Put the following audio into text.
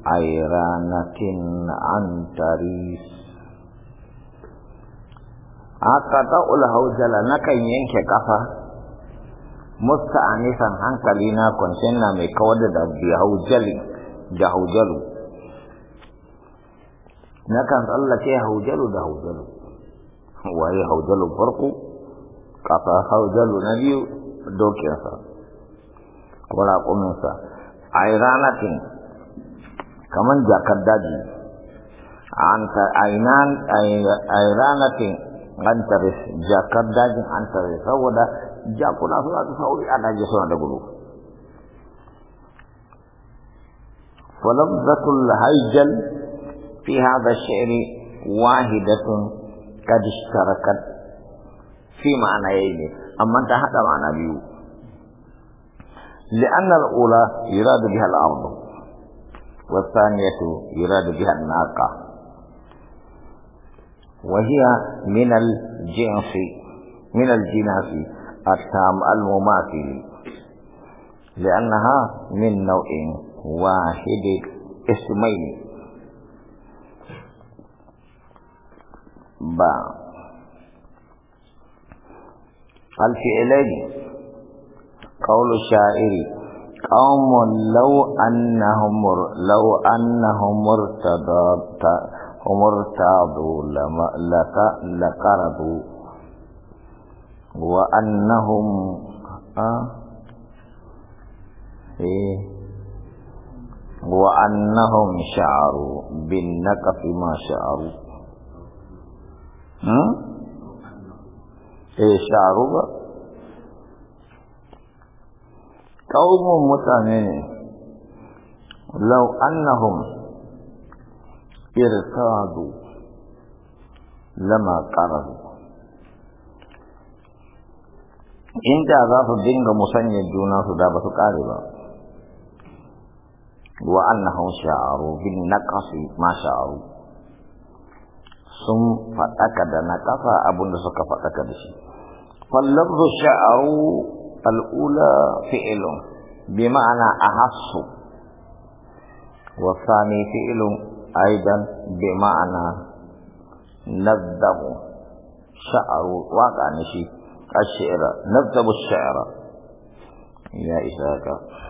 airanatin antaris aka ta'ula haujala na kan yanke kafa musta anisan hankali na kwanciyar mai kawar da haujali da haujalu na kan tsallace haujalu da haujalu waye haujalu farko kafa haujalu na biyu dokinsa ko raƙuminsa a ranakin Kaman jakar daji a ranakin antaris jakar dajin antaris saboda jakuna suna su sauri a daji suna da gudu falabzatul haijal fi hada shi'ri wahidatun kadishtarakat fi ma'ana ya yi amma ta hada ma'ana biyu li'annar ula yura da biyar al'amurin والثانية يراد بها الناقة وهي من الجنس من الجناس التام المماثل لأنها من نوع واحد اسمين با الفعلين قول الشاعر قوم لو أنهم لو أنهم هم لك لقربوا وأنهم أه إيه وأنهم شعروا بالنقف ما شعروا هم؟ إيه شعروا بقى kaumun mutane ne lau annahum irsadu lama ƙararru inda za su dinga musanyar juna su da ba su ƙare ba wa annahum sha'aru bin naqasi ma sha'aru sun faɗaka da na ƙafa abinda suka faɗaka da shi fallabzu sha'aru الأولى فعل بمعنى أحس والثاني فعل أيضا بمعنى نذب شعر واقع نشي الشعر نذب الشعر يا إسحاق